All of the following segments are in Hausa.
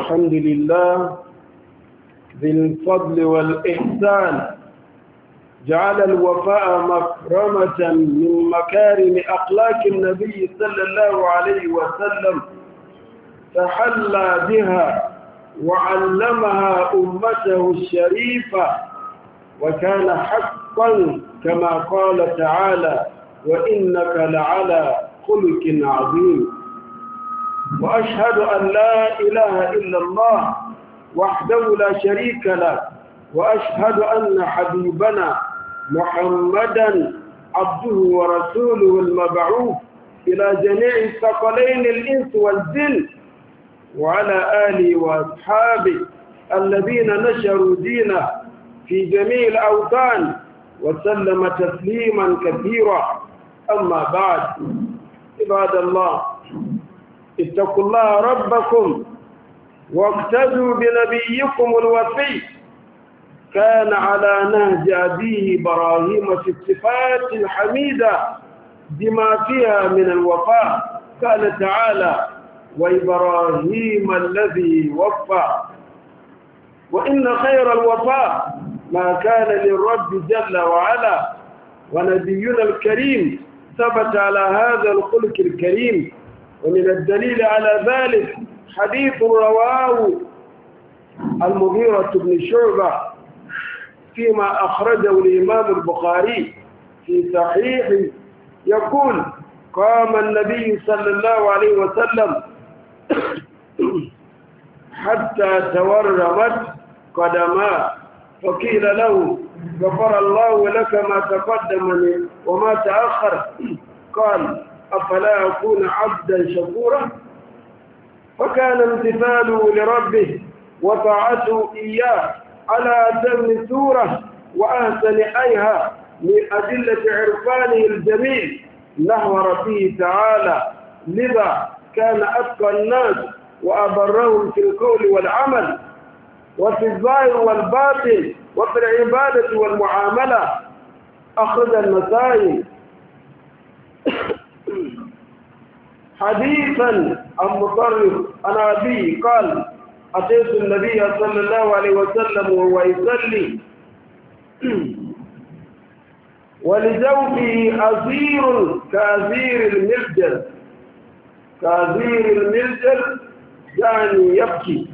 الحمد لله ذي الفضل والإحسان جعل الوفاء مكرمة من مكارم أخلاق النبي صلى الله عليه وسلم تحلى بها وعلمها أمته الشريفة وكان حقا كما قال تعالى وإنك لعلى خلق عظيم وأشهد أن لا إله إلا الله وحده لا شريك له وأشهد أن حبيبنا محمدا عبده ورسوله المبعوث إلى جميع الثقلين الإنس والجن وعلى آله وأصحابه الذين نشروا دينه في جميع الأوطان وسلم تسليما كثيرا أما بعد عباد الله اتقوا الله ربكم واقتدوا بنبيكم الوفي كان على نهج أبيه إبراهيم في الصفات الحميدة بما فيها من الوفاء قال تعالى وإبراهيم الذي وفى وإن خير الوفاء ما كان للرب جل وعلا ونبينا الكريم ثبت على هذا الخلق الكريم ومن الدليل على ذلك حديث رواه المغيرة بن شعبة فيما أخرجه الإمام البخاري في صحيحه يقول قام النبي صلى الله عليه وسلم حتى تورمت قدماه فقيل له غفر الله لك ما تقدم وما تأخر قال أفلا أكون عبدا شكورا فكان امتثاله لربه وطاعته إياه على أتم سورة وأحسن أيها من أدلة عرفانه الجميل نحو ربه تعالى لذا كان أتقى الناس وأبرهم في القول والعمل وفي الظاهر والباطن وفي العبادة والمعاملة أخذ المسائل حديثا عن مطرف عن أبي قال أتيت النبي صلى الله عليه وسلم وهو يصلي ولزوجه أزير كأزير الملجل كأزير الملجل يعني يبكي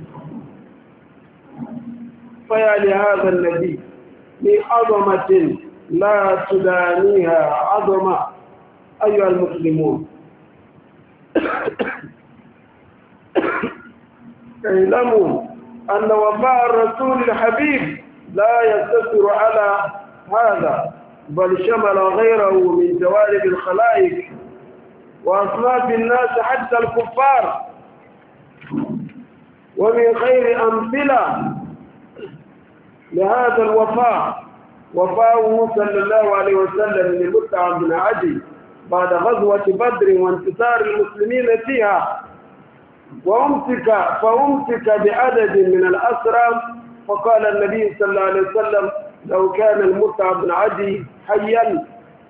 فيا لهذا النبي بعظمة لا تدانيها عظمة أيها المسلمون اعلموا أن وفاء الرسول الحبيب لا يقتصر على هذا بل شمل غيره من جوانب الخلائق وأصناف الناس حتى الكفار ومن خير أمثلة لهذا الوفاء وفاء صلى الله عليه وسلم لمتعه بن عدي بعد غزوة بدر وانتصار المسلمين فيها وأمسك فأمسك بعدد من الأسرى فقال النبي صلى الله عليه وسلم لو كان المصعب بن عدي حيا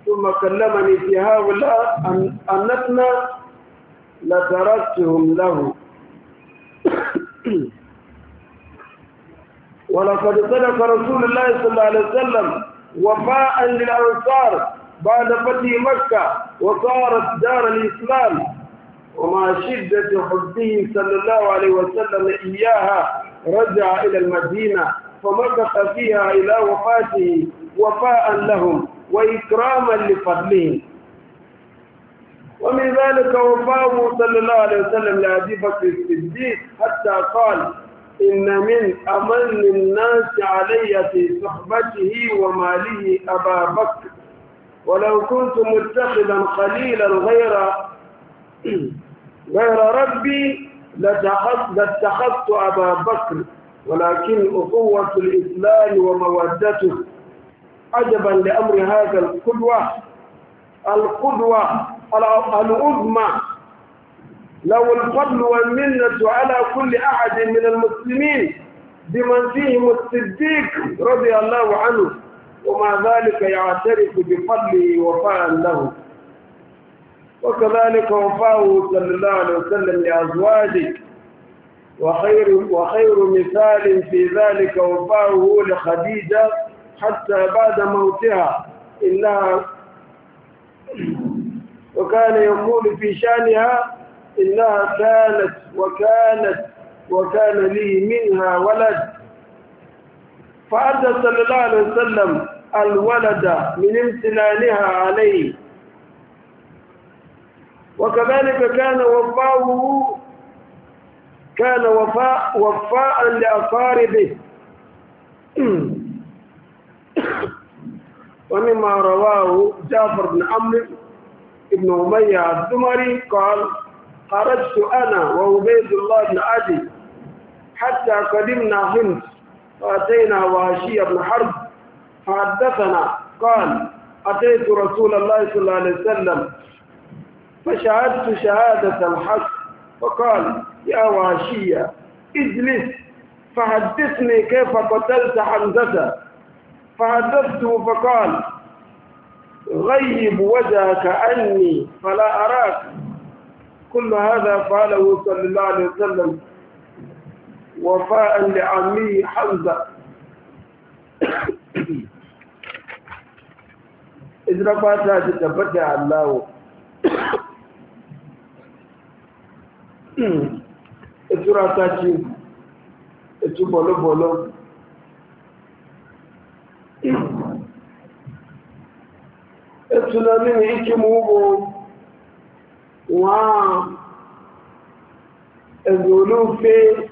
ثم كلمني في هؤلاء أنتنا لتركتهم له ولقد صدق رسول الله صلى الله عليه وسلم وفاء للأنصار بعد فتح مكة وصارت دار الإسلام ومع شدة حبه صلى الله عليه وسلم إياها رجع إلى المدينة فمكث فيها إلى وفاته وفاء لهم وإكراما لفضلهم ومن ذلك وفاه صلى الله عليه وسلم لأبي بكر الصديق حتى قال إن من أمن الناس علي في صحبته وماله أبا بكر ولو كنت متخذا خليلا غير غير ربي لاتخذت أبا بكر ولكن أخوة الإسلام ومودته عجبا لأمر هذا القدوة القدوة العظمى له الفضل والمنة على كل أحد من المسلمين بمن فيهم الصديق رضي الله عنه ومع ذلك يعترف بفضله وفاء له وكذلك وفاه صلى الله عليه وسلم لأزواجه وخير, وخير مثال في ذلك وفاه لخديجة حتى بعد موتها إنها وكان يقول في شانها إنها كانت وكانت وكان لي منها ولد فأدى صلى الله عليه وسلم الولد من امتنانها عليه وكذلك كان وفاؤه كان وفاء وفاء لأقاربه ومما رواه جعفر بن عمرو بن أمية الزمري قال خرجت أنا وعبيد الله بن عدي حتى قدمنا حمص فأتينا وهشي بن حرب فحدثنا قال أتيت رسول الله صلى الله عليه وسلم فشهدت شهادة الحق فقال يا وعشية اجلس فحدثني كيف قتلت حمزة فحدثته فقال غيب وجهك عني فلا أراك كل هذا فعله صلى الله عليه وسلم وفاء لعمي حمزة إذن فاتا تتفتع الله إذن فاتا تتفتع الله إذن فاتا تتفتع الله إذن فاتا تتفتع الله إذن تتفتع الله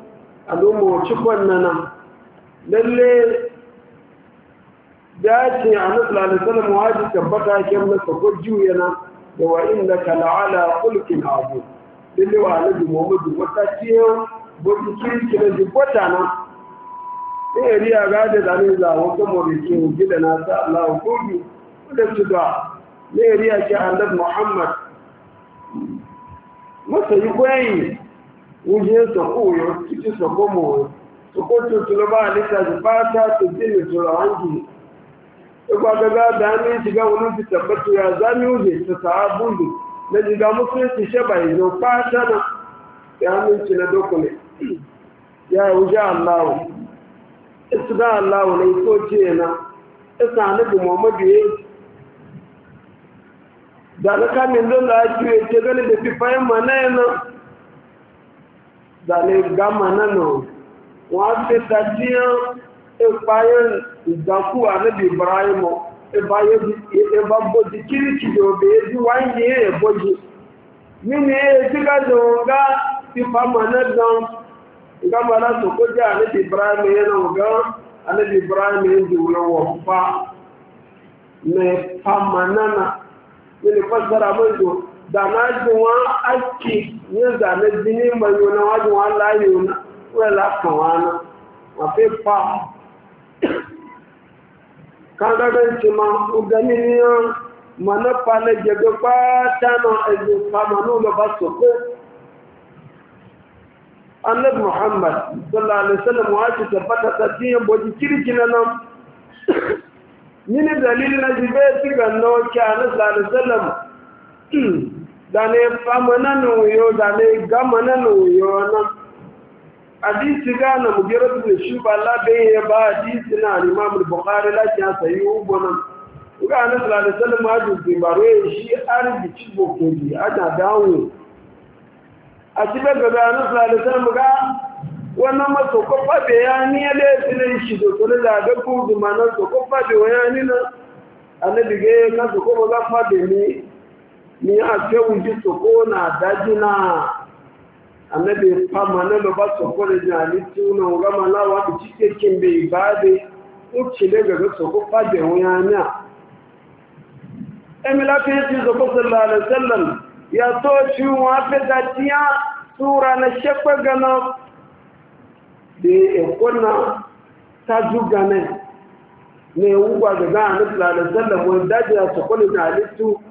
al'umma wacce nan? lalle ce a nasala da salam wajen tabbata kyan masa sakon juyana da wa inda ka la'ala kulkin abu lalle wa alabi muhammadu wata ciyo babu kirki na jibbata na yari a gada da za a wata rikin gida na sa Allah kogi wadda su da yari a ke annabi muhammad masa yi kwayi wúyé sọ̀kó òyò títí sọ̀kó mọ̀ òyò sọ̀kó tó tó lọ bá àlẹ́ta bá tá tó dé ìrètò rà wọ́n jù gbogbo agbẹ́gbẹ́ àdáni ìjìgá wọn ti tẹ̀pẹ́ tó yà zani òyè tẹ̀tà abúlù lẹ́jìgá mọ́tún ti ṣẹ́bà ìlú pátá náà yà ìṣúná ikú ojú ìná ìṣàn àníbù dàlúkà ju ètò ẹgbẹ́ zane gama nano wọn ti tajiyan ipaye izaku anabi ibrahim eba boji kiriki da obe eji wani ye eboji mini ye jika da nga ti fama na dan gama na sokoja anabi ibrahim ya na nga anabi ibrahim ya ji wula wa fa na fama nana mini fasara mai zo zana jiwa aiki yin zane jini mai yuna wajen wa layi yuna wela kawana wafe pa kangaren ci ma ugani ni mana pale jege pata na ezu kama nuna ba su ko muhammad sallallahu alaihi wasallam wa ci tabbata ta tiyan boji kirkina nan ni ne dalilin na jibe ci ganno ki annabi sallallahu alaihi wasallam dane famana na wuyo dane gamana na wuyo na hadisi gana mujarrad bin la ba hadisi na imam al-bukhari la ya sayi ubona ga annabi sallallahu alaihi wasallam shi ko bi ada dawo a cibe ga na sallallahu alaihi wasallam ga wannan maso kofa bayani ya le shi da kuma da ga ku so kofa bayani na annabi ga ga fa ni ni a kewun ji soko na daji na annabi fama na loba soko da jani tuna gama lawa da cike kin bai bade uci ne ga soko fade wuyana emila fi ji soko sallallahu alaihi wasallam ya to shi wa fi datiya sura na shekwa gana da ekona ta juga ne ne wugwa daga annabi sallallahu alaihi soko da jani tuna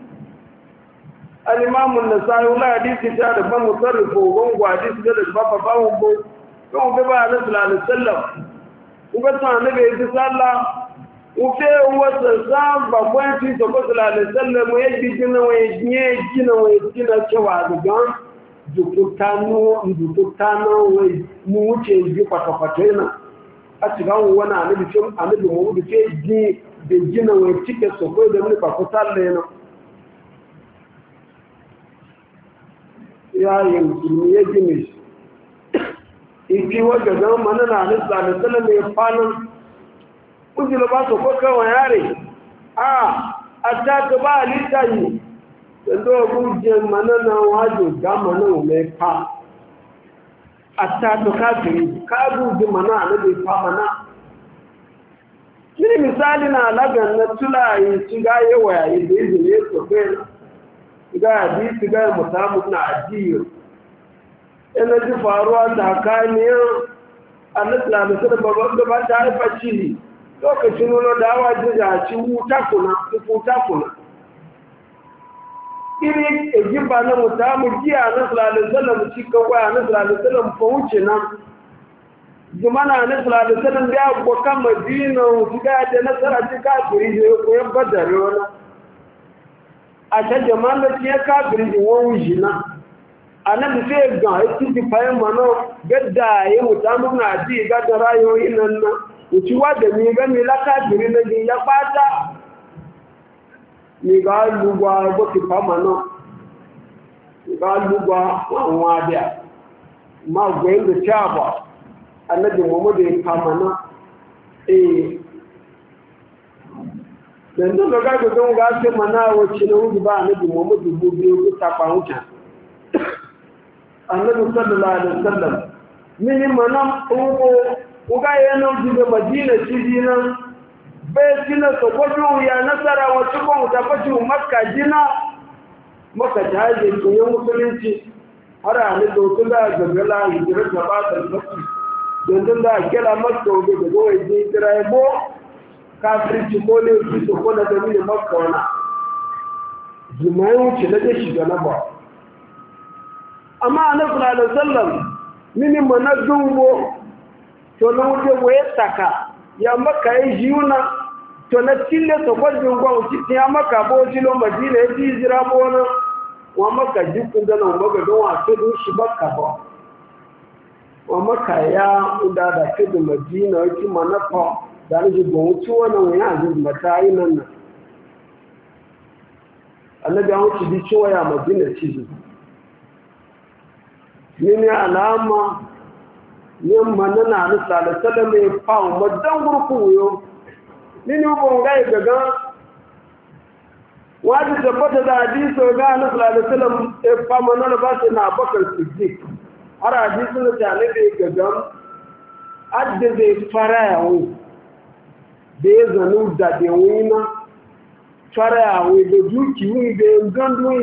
alimamu nasai wula hadisi ta da ban mutarrifu gongo hadisi da da ba ba wo go don ga ba na sallallahu sallam uga ta ne be ti salla u fe wa sallam ba ko ti ko sallallahu sallam ya bi jina wa ya nye jina wa jina cewa da gan dukutano dukutano wa mu wuce bi kwata kwata yana a cikin wani anabi mu wuce ji da jina wa cike sokoi da mu ba ko sallallahu ya yi musulmi ya wajen zama mana na halitta da tsala mai falon ujula ba su ko yare a ta ka ba yi da zuwa gujiyar mana na wajen gama nan mai fa a ta ka kafiri ka mana na nabi fa mana misali na lagan na tulayi da izini ya ga hadisi ga musamman na ajiyar ina ji faruwa tsakaniyar annisla da su da babban gaba ta haifa cili lokacin nuna dawa jirga ci wuta kuna wuta kuna iri egiba na musamman giya annisla da salam ci kawai annisla da salam fa wuce nan zumana annisla da salam ya gwa kan madina wuce ga da nasara ci kafiri àṣẹjẹ̀ máa lọ tí ẹ na. a òyìn da sai ẹ̀gàn etí ti fàyẹ̀ mọ̀ náà gẹ́dà ẹ̀wò tánú náà dí ìgbádọ́rá yóò iná náà òtí wá la rẹ́mi na lẹ́yìn ya pátá nígbà lúgbà bó ti fàmọ̀ náà ma lúgbà àwọn adìà máa gbẹ̀yìn na da ndị ụlọ ga gogo asị ma na-awụchi na nwudu ba anabi ma ọmụ dubu bi okwu takwa na anabi sallallahu alaihi wasallam na ụgbọ ụga ya na ojide madina chidi na bai ya nasara wacce ko mu tafaci makka jina makka ta haje kunyan musulunci a ni kafirci ko ne su ko na gami da makka wana jimayen ci na ɗin shiga na ba amma a nasu da sallam mini mana dumbo to na wuce waye saka ya maka ya yuna to na cile ta gwajin gwan cikin ya maka bo jilo madina ya ji jira bo na wa maka jikin gana wa maka don wa don shi baka ba wa maka ya da da ce da madina ya mana da ji gwamnati wannan wani azin matayi nan nan annabi an ci bi cewa ya madina ci ne alama yin manana na salasala mai fawon madan gurku yo ni hukun gai gaga wajen tabbata da hadiso ga na salasala ya fama na ba su na bakar siddiq har hadiso na tare da gaga adda zai fara yawo da ya zanu da da wina tsara a wai da duki wani da yin gandu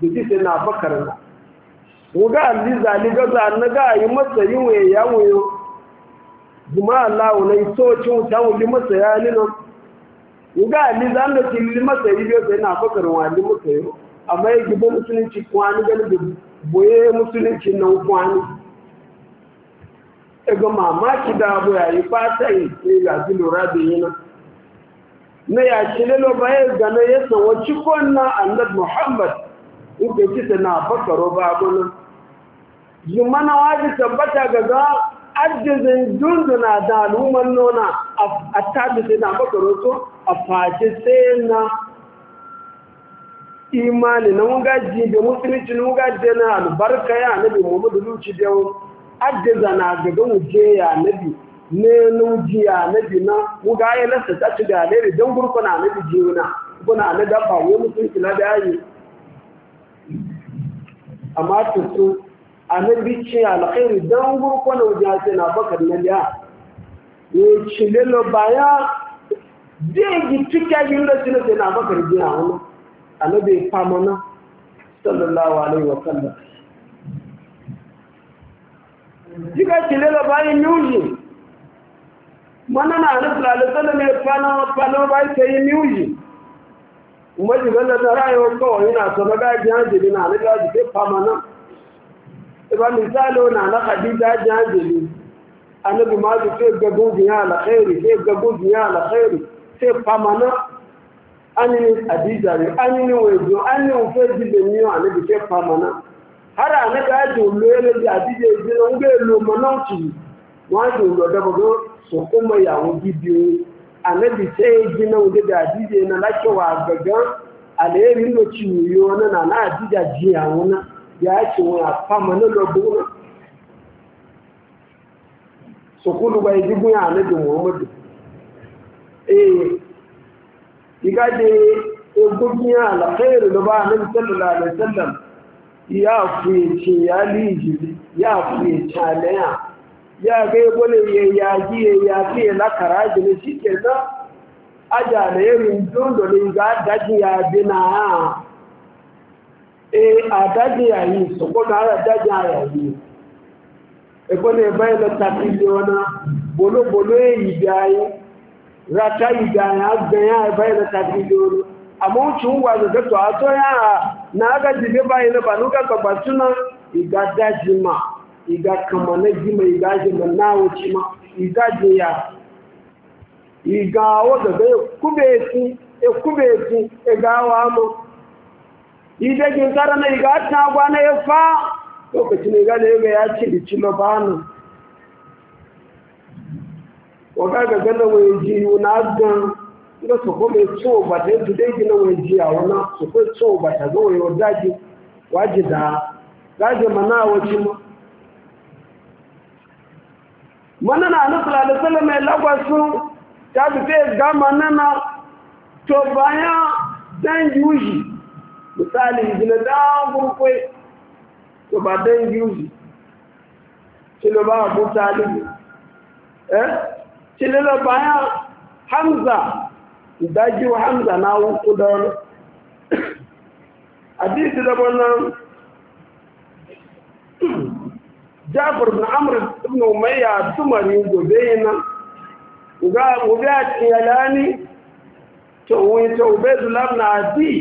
da ji sai na bakar na wuga alli zali gaza na ga yi masa yi waye ya wayo zuma Allah wala yi tocin ta wuli masa ya ni nan wuga alli zan da tilli masa yi biyo sai na bakar wa alli masa yi amma ya gibo musulunci kwani gani da boye musulunci nan kwani ego mamaki da abu ya yi fata yi ga ji lura da yi na na ya ci lalo bayan gane ya sanwa cikon na annab muhammad uke kisa na bakaro ba abu nan zumana waje tabbata ga ga ajizin dunduna da al'ummar nona a tabbata na bakaro so a face sai na imani na mugaji da musulunci na mugaji na albarka ya annabi muhammadu luci da yau ajiza na gaga wuje ya nabi ne ya nabi na wuga ya lasa ta ci da lere don na nabi jiwuna kuna na dabba wani mutunci na dayi amma tutu a nabi ala alkhairi don gurku na wuja ce na bakar na a. ya ci lelo baya zai gi tuka na sallallahu alaihi wa jika kilela bai nyuji mana na ala alisala mai fana fana bai sai nyuji kuma jiga da tsara yau kawai yana so na gaji na na gaji ke na nan iba misalo na na hadita jajeli annabi ma su sai gago jiya alkhairi sai ya jiya alkhairi sai fama nan anini adija ne har anaka ya dolo yana da adide jina nga elo manauci wa dolo da bago so kuma ya wo bibiyo anabi sai jina nga da adide na lake wa gaga aleri no ciwo na na na adida ya ci na lo so ya anabi egbogin anabi sallallahu alaihi wasallam yafi ce ya liji yafi ce alaya ya ga bole ya yaji ya yafi na karaji ne shike na aja ne rin dondo ne ga daji ya bina e adaji ya yi so ko na adaji ya yi e bole bai la tapiliona bolo bolo e yi bai rata yi bai agbe ya bai la tapiliona àmóhùnchí ń wà lòdẹ́tọ̀ àtọ́ yára náà gàjì bí báyìí ní bànúkà kọ̀gbà ìgá dájì mà ìgá kàmà náà jí mà ìgá jì mà náà wòchí mà ìgá jì yà ìgá àwọ̀ dọ̀dọ̀ èkúbẹ̀ ètí èkúbẹ̀ ètí ìgá àwọ̀ àmọ́ náà ìgá náà ya ci lọ bá nù wọ́n ká nga soko mai tso ba ta yanzu dai gina wani jiya wana soko tso ba ta ga wani wadaji waje da gaje mana waje ma mana na anu sulala sala mai lagwasu ta bi ta ga mana na to baya dan yuji misali gina da gurkwai to ba dan yuji kilo ba abu eh kilo baya hamza ìdájí wa hamza náà wọ́n kú dánú àdíṣì dọ́bọ̀ náà jafar bin amr ibn umayya tumari gobe yana ga gobe a tiyalani to wani to bezulam na adi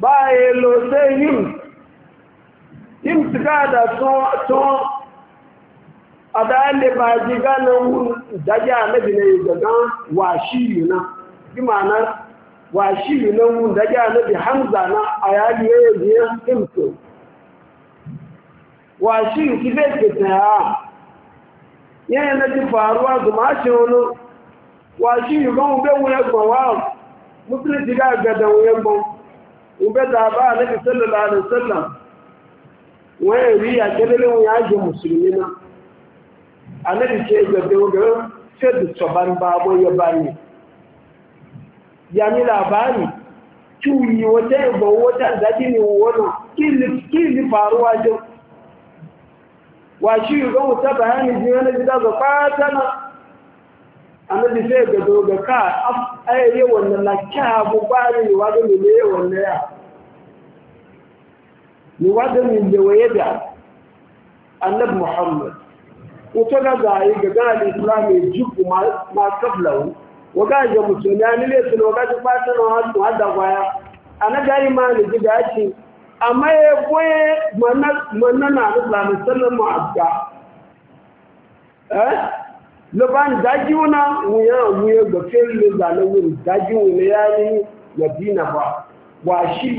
ba a yi lo sai yin yin su ga da tun adale ba ji ganin daga annabi ne daga washi na bi ma'ana washi na mun daga annabi hamza na ayali ya yi ya imto washi ki zai ke ta ya na ji faruwa ga gadan wuyan ban ube da ba annabi sallallahu alaihi wasallam wani riya kelele wuya ji musulmi na anabi ce ga dauga sai da tsoban babo ya bani ya ni labari kiwi wata ba wata zaɗi ne wani kili faruwa jin wa shi ga wuta bayani jin yana gida ga na anabi sai ga dauga ka ayyaye wannan na kyabu bani wa ga mele ya ni wa ga waye da annabi muhammad wato na zai ga gani islami jiku ma kablawu waga ga musulmi an nile su waga ji na hada kwaya a na gari ma ne ji dace amma ya goye manana islami ma abda eh loban daji wuna wuya wuya ga daji wuna ya ni madina ba wa shi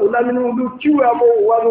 wulamin wulu kiwa ba wani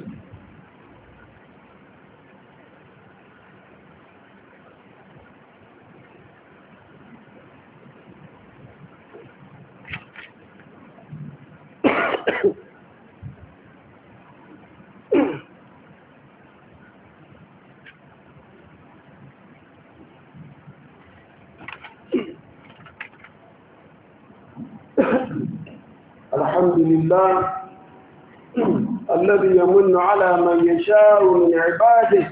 الحمد لله الذي يمن على من يشاء من عباده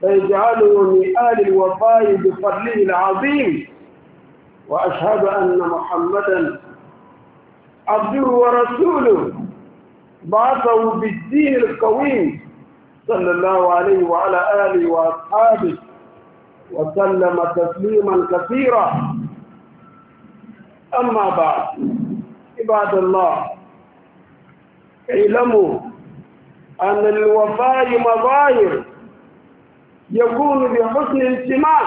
فيجعله من آل الوفاء بفضله العظيم وأشهد أن محمدا عبده ورسوله بعثه بالدين القويم صلى الله عليه وعلى آله وأصحابه وسلم تسليما كثيرا أما بعد عباد الله اعلموا أن الوفاء مظاهر يكون بحسن الاجتماع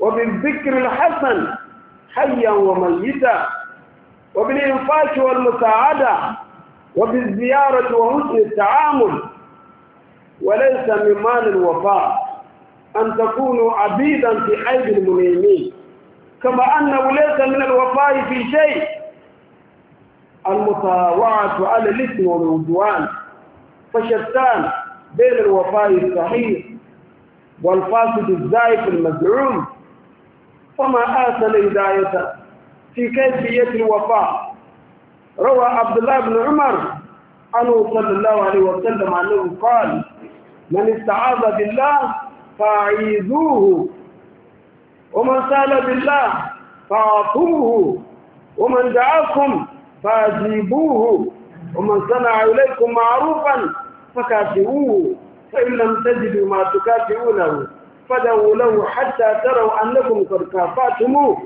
وبالذكر الحسن حيا وميتا وبالإنفاق والمساعدة وبالزيارة وحسن التعامل وليس من مال الوفاء أن تكونوا عبيدا في أيدي المنيمين كما أنه ليس من الوفاء في شيء المطاوعة على الإثم والعدوان فشتان بين الوفاء الصحيح والفاسد الزائف المزعوم فما آسل الهداية في كيفية الوفاء روى عبد الله بن عمر أنه صلى الله عليه وسلم أنه قال من استعاذ بالله فأعيذوه ومن سأل بالله فأعطوه ومن دعاكم فأجيبوه ومن صنع إليكم معروفا فكافئوه فإن لم تجدوا ما تكافئونه فدعوا له حتى تروا أنكم قد كافأتموه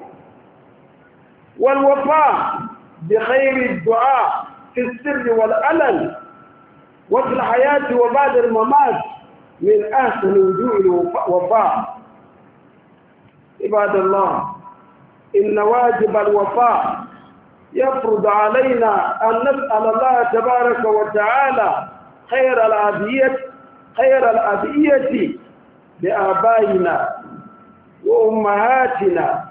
والوفاء بخير الدعاء في السر والألم وفي الحياة وبعد الممات من أحسن وجوه الوفاء عباد الله إن واجب الوفاء يفرض علينا أن نسأل الله تبارك وتعالى خير الأبية خير الأبية لآبائنا وأمهاتنا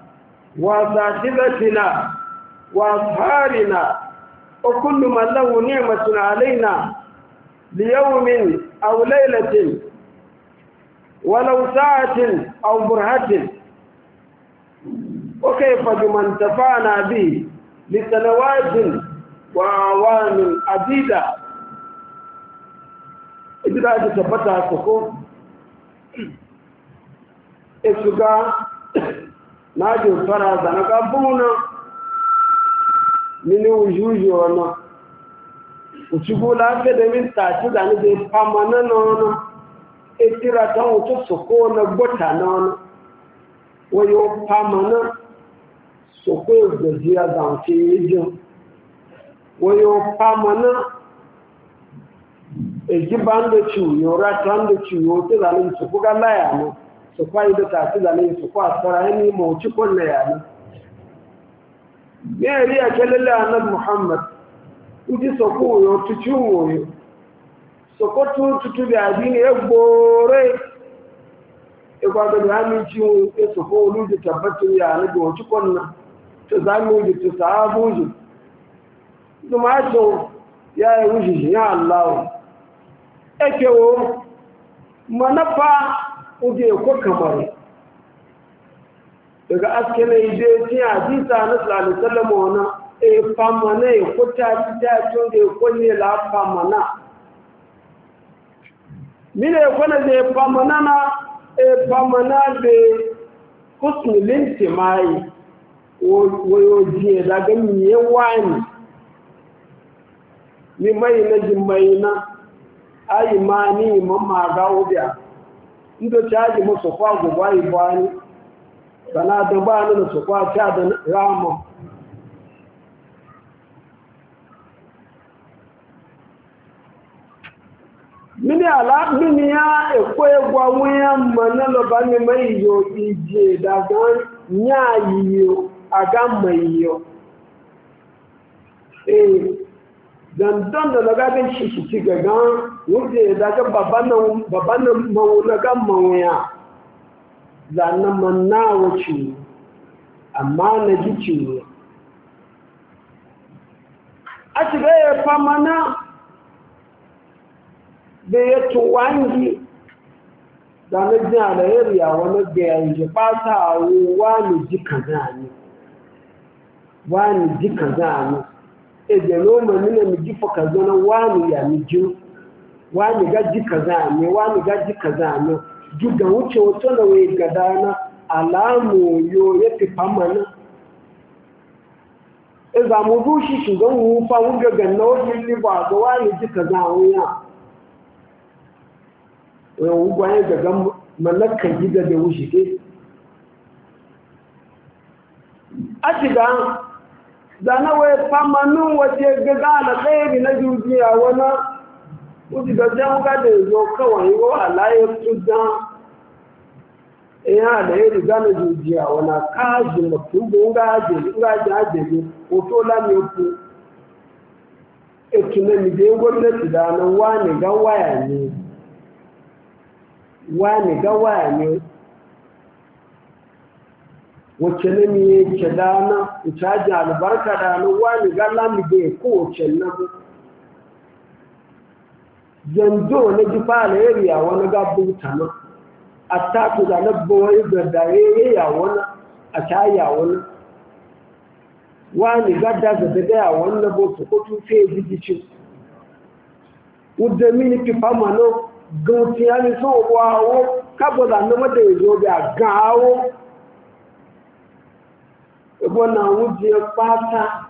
وأساتذتنا وأصهارنا وكل من له نعمة علينا ليوم أو ليلة ولو ساعة أو برهة وكيف بمن تفعنا به لسنوات وأعوام عديدة إذا أجل تبتها إذا إذ najo fara zana ka buna mini ujuju ona uchugu la ke de min ta ci zani de pamana nono etira ta uto soko na gota nono wayo pamana soko gajia zanti ejo wayo pamana eji bando ci yora tando ci yote zani soko ga laya no su kwa ido ta su zane su kwa tsara yani ma wuci kulle yana ya riya ke lalle annab muhammad uji so ko yo tuci woyo so ko tu tutu bi adini ya gore ya kwa da rami ci wo e so ko lu ji tabbatu ya ne da wuci kunna ta zamu ji to sabu ji kuma to ya yi wuji ya allah ekewo manafa oge ko kamar daga aske na ide ti hadisa na sallallahu alaihi wasallam e pamana e ko ta ta to de ko ni la pamana mine ko na de pamana na e pamana de husnul intimai wo yo je daga mi ye wani ni mai na jimai na ai ma ni mamma ga ndochi aji m sokwa agwụgwa igbo anyị ga na ha. anyị na sokwa chadị ramọ mini ala mini ya ekwe egwa nwunye mma n'ụlọba n'ime iyo iji daga nye ayiyo aga mma iyo dandan da na gagan shi shi ci gaga wanda ya daga babban maunagan mawuya zanen manna wace amma na ji ciwo a shiga ya fama na da ya tuwangi zanen a da yawon na gaya yi ba ta wani ji kaza ne wani ji kaza ne ejelo mani na miji kaza na wani ya miji wani gaji kaza ne wani gaji kaza ne duka wuce wato e da wai gada na alamu yo ya fi famana e za mu bushi shugan wufa wuga ga nauyin liba ji kaza gida da wushi ke zana wai famanin waje gaza da tsaye na jujiya wani wuce da jan gada zo kawai yau a layar tudan iya da ya riga na jujiya wani kaji mutum ndụ gaje gaje ajiye hoto lamu ku etu na nije gwamnati da wani ga waya ne wani ga waya ne wacce ne mi ye ke dana in caji albarka dana wani gala mi bai ko wacce na mu zanzo na ji fara yariya wani gabu tana a taku da na bawai ga da ya wani a caya wani wani gada ga daga ya wani na bosu ko tun sai jigicin udda mini ti famano gauti yani so wawo kabola na mada ya zo da gawo ebo na wuje pata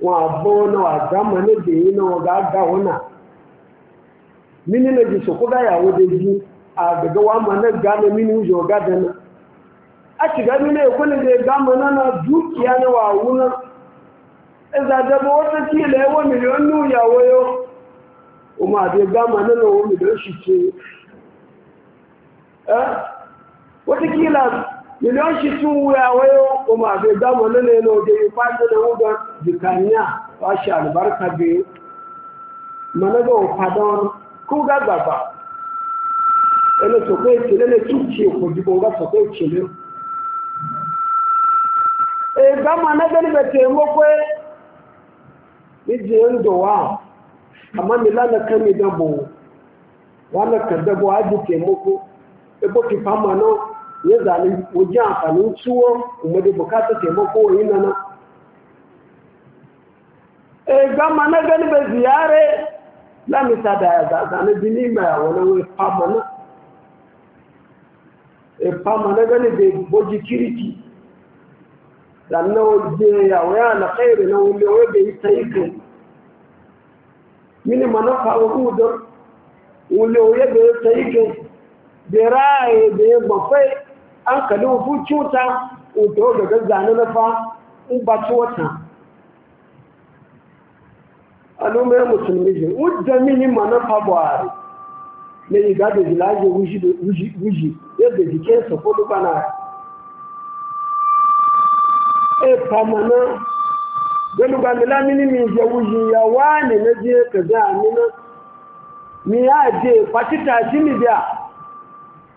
wa bo na wa gama ne de yi na wa ga ga mini na ji ko ga ya ji a daga wa ma na ga mini wuje ga da na a ci ga mini ko ne de ga ma na na dukiya na wa wuna eza da bo wata ti le wo miliyon nu ya wo yo o ma de ga ma na na wo miliyon shi ce eh wata kila miliyan shi tun wuya wayo kuma bai damu nuna yana da yi fata da wuga jikanya ba shi albarka biyu mana ga fadon ko ga gaba yana sokai cile ne tuce ko jibo ga sokai cile e gama na gani ba taimako e, ijiyan dowa amma milana kami dabo wani ka dabo aji taimako ebo ki fama ya zalin wajen amfanin ciwon kuma da bukatar taimako yi nana e gama na gani bai ziyare lamisa da ya zane jini mai wani wai famana e famana gani bai boji kiriki sannan waje ya waya na kairu na wule wai bai yi ta yi kai mini mana fawo kudin wule wai bai yi ta yi kai bai raye bai yi mafai an kalli wufu cuta uto daga zane na fa in ba ci wata alumar musulmi ji wadda mini mana fa buhari ne yi gada gilaje wuji yadda jikinsa ko duba na e famana gbẹnugbà mi lámínì mi jẹ wuyi ya wá nìyẹn jẹ kẹjẹ àmì náà mi yá jẹ pàtítà sí mi bíà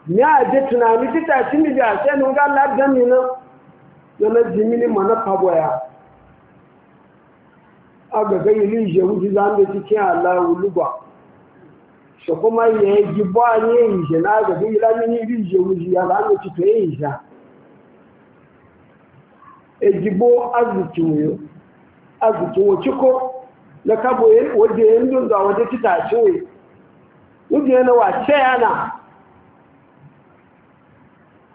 ni a je tunani kita shi ni ga sai nun ga Allah dan ni na yana jimini mana faboya aga ga yili je wuji zan da cikin Allah uluba so kuma ye gibwa ni je na ga ga yila ni bi je wuji ya la ni to e ye ja ejibo azukiwo azukiwo chiko na kabo ye wode ndo za wode tita chiwe wode e na wa cheyana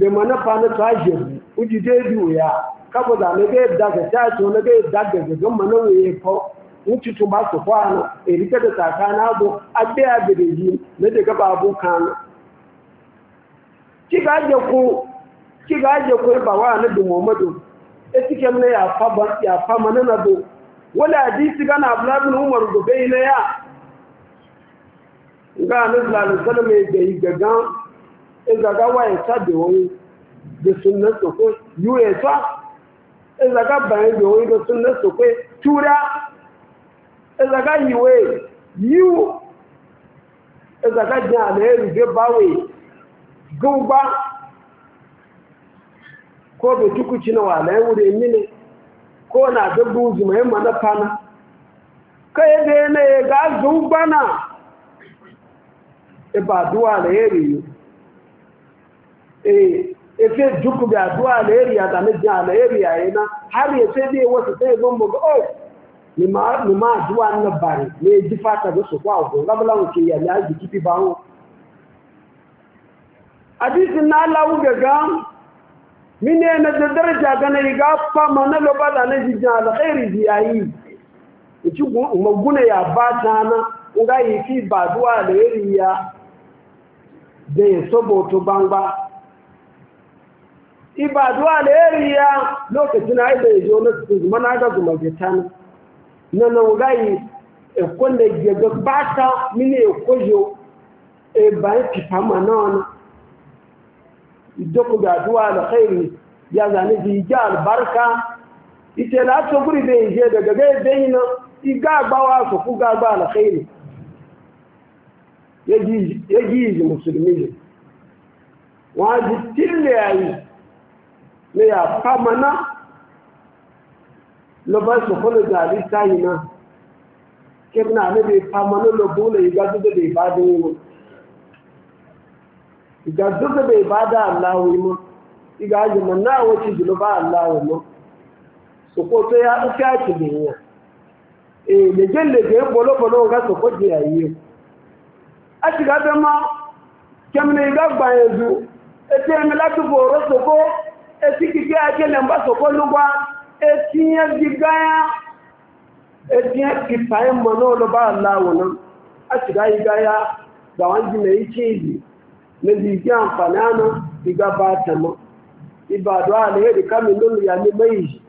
zama na fana tashe bu uji je da na gai da ga tashi na da ga ga gamma na ya ko wuci ba su kwana e rike da tsakana bu abbe a da yi na daga babu kan ki ga je ku ki ga je ku ba wa na muhammadu e tike na ya fa ba ya fa mana na do wala hadisi kana na ya ga annabi sallallahu alaihi wasallam ya ga ezaga wa eta de wani da sunan sokwe yu ezaga bayan de wani da sunan sokwe tura ezaga yiwe yiwu ezaga jin alheri de bawe gumba ko da tukuci na walayen wuri mini ko na dabbu zumayen mana fana kai da yanayi ga zumbana ibadu walayen riyu Eh, efe juku bi adua ala, area da ne yi na har ya sai dai wasu sai zo ni ma ni na bari aka ji fata go so kwa nke ya ya ji kifi ba ho na ala ga ga mine na da daraja na ga fa ma na da na ya ya ba na sobo ibaduwa da yariya lokacin na da yajo na su zuma na ga zuma getan na na wugayi e konda ya ga bata mini e kojo e ba ya tifa ma na wani doko ga duwa da khairi ya zane ji ja albarka ite la to guri da yaje daga ga bayina iga gbawa su ku ga ba da khairi yaji yaji musulmi wajibi tilayi ne ya famana lobar su kula da alisa yi na kemna ne bai famana lobola iga duka bai ba da yi mun iga duka bai ba da allahu yi mun iga aji man na wace julu ba allahu mun su ko to ya ɗauki ake da e lejen lejen bolo-bolo ga su kwaje a yi a shiga ma kemna iga gbaye zu ete mi lati boro su eti kike ajele mba sokolugwa etinye gigaya etinye kipaye mbono oloba alawo na iga ya ga wanji na ichi izi mezi iji amfani ano iga ba tamo ibadu alheri kami lulu ya ni maiji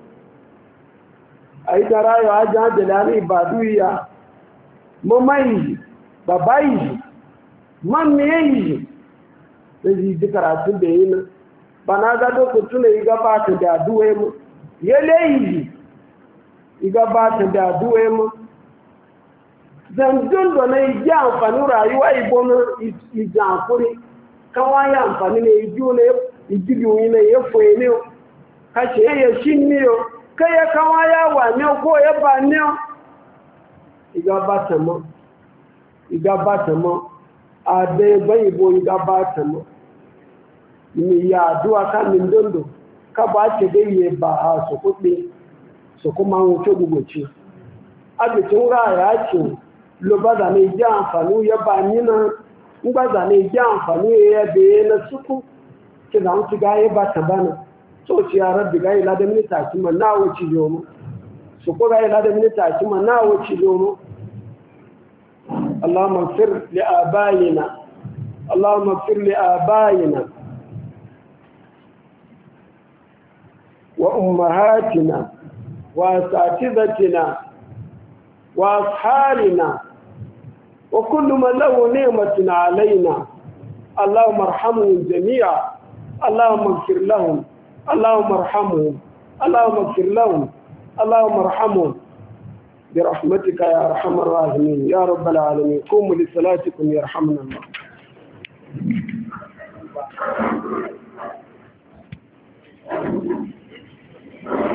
aidara yo aja ajele ani ibadu ya mo maiji baba iji mami iji mezi izi karatun da yi na banagado kutuna igaba atende aduwemu yeleyi igaba atende aduwemu zandundo na iji amfani rayuwa ibonu ijankuri kawa ya amfani na iju na ijiri unyi na efo ene o kashe eye shi ni o keye kawa ya wa ni o ko ye ba ni mo, igaba tamo igaba tamo ade bayibo igaba ni ya duwa ka min dondo ka ba ce dai ba a su kuɗi su kuma wuce guguci abincin ra ya ce lo ba mai amfani ya ba ni na in ba mai amfani ya be na suku ki za ga ya ba ta bana so ci ya rabbi ga ila da minita ma na wuce su ga ila da minita ma na wuce yomo اللهم اغفر لآبائنا اللهم اغفر لآبائنا وأمهاتنا وأساتذتنا وأصحابنا وكل من له نعمة علينا اللهم ارحمهم جميعا اللهم اغفر لهم اللهم ارحمهم اللهم اغفر لهم اللهم ارحمهم برحمتك يا ارحم الراحمين يا رب العالمين قوموا لصلاتكم يرحمنا الله Thank you.